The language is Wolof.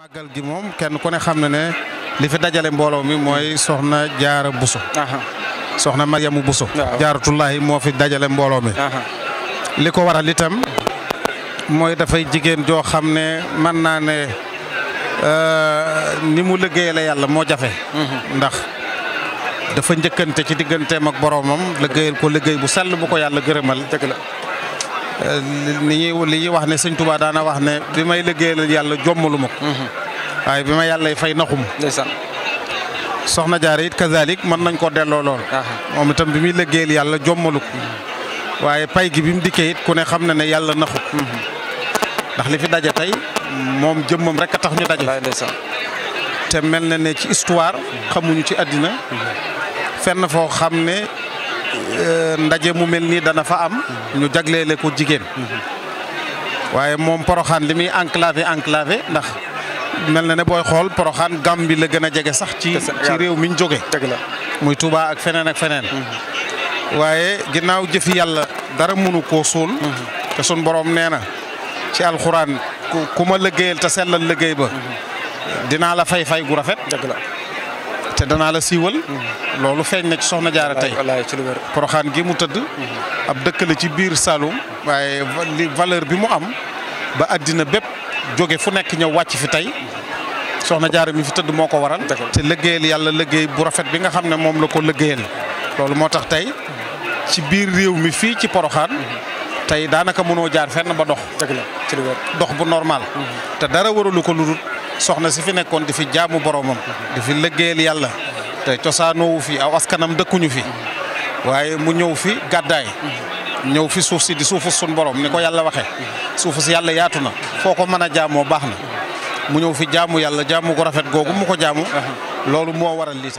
màggal gi moom kenn ku ne xam na ne li fi dajale mbooloo mi mooy soxna jaara buso soxna maryamu buso jaaratullaahi moo fi dajale mbooloo mi li ko waral itam mooy dafay jigéen joo xam ne mën naa ne euh, ni mu liggéey yàlla moo jafe mhm. ndax dafa njëkkante ci digganteem ak boroomam liggéeyal ko liggéey bu sell bu ko yàlla gërëmal dëgg la li ñuy li ñuy wax ne sëñ Touba daana wax ne bi may liggéeyal yàlla jommalu ma mhm. waaye bi ma yàlla fay naxum. ndeysaan soxna jaare it kazalik mën nañ koo delloo lool. moom itam bi muy liggéeyal yàlla jommalu mhm. waaye pay gi bi mu dikkee it ku ne xam na ne yàlla naxu. Mhm. ndax li fi daje tey moom jëmmam rek a tax ñu daje. te mel na ne ci histoire xamuñu ci àddina fenn foo xam ne. Euh, ndaje mu mel nii dana fa am. ñu jagleele ko jigéen. waaye moom Porokhane li muy enclavé enclavé ndax mel na ne booy xool Porokhane Gàmbi la gën a jege sax. ci ci réew mi ñu jóge muy Touba ak feneen ak feneen. Mhm. waaye ginnaaw jëfi yàlla dara mënu ko suul. Mhm. te sun borom nee na ci alxuraan ku ma liggéeyal te sellal liggéey ba. Mhm. dinaa la fay fay gu rafet. dëgg la. te danaa la siiwal. loolu feeñ na ci soxna jaara tey. poroxaan gi mu tëdd. ab dëkk la ci biir Saloum. waaye li valeur bi mu am ba àddina bépp jóge fu nekk ñëw wàcc fi tey. soxna jaara mi fi tëdd moo ko waral. te liggéeyal yàlla liggéey bu rafet bi nga xam ne moom la ko liggéeyal. loolu moo tax tey ci biir réew mi fii ci poroxaan. tey daanaka mënoo jaar fenn ba dox. dox bu normal. Mm-hmm. te dara waralu ko lu dul soxna si fi nekkoon di jaamu boromam di fi lëggéeyal yàlla te cosaanoowu fi aw askanam dëkkuñu fi waaye mu ñëw fi gàddaay ñëw fi suuf si di suufu sun borom ni ko yàlla waxee suufu si yàlla yaatu na foo ko mën a jaamoo baax na mu ñëw fi jaamu yàlla jaamu ko rafet googu mu ko jaamu loolu moo waral lii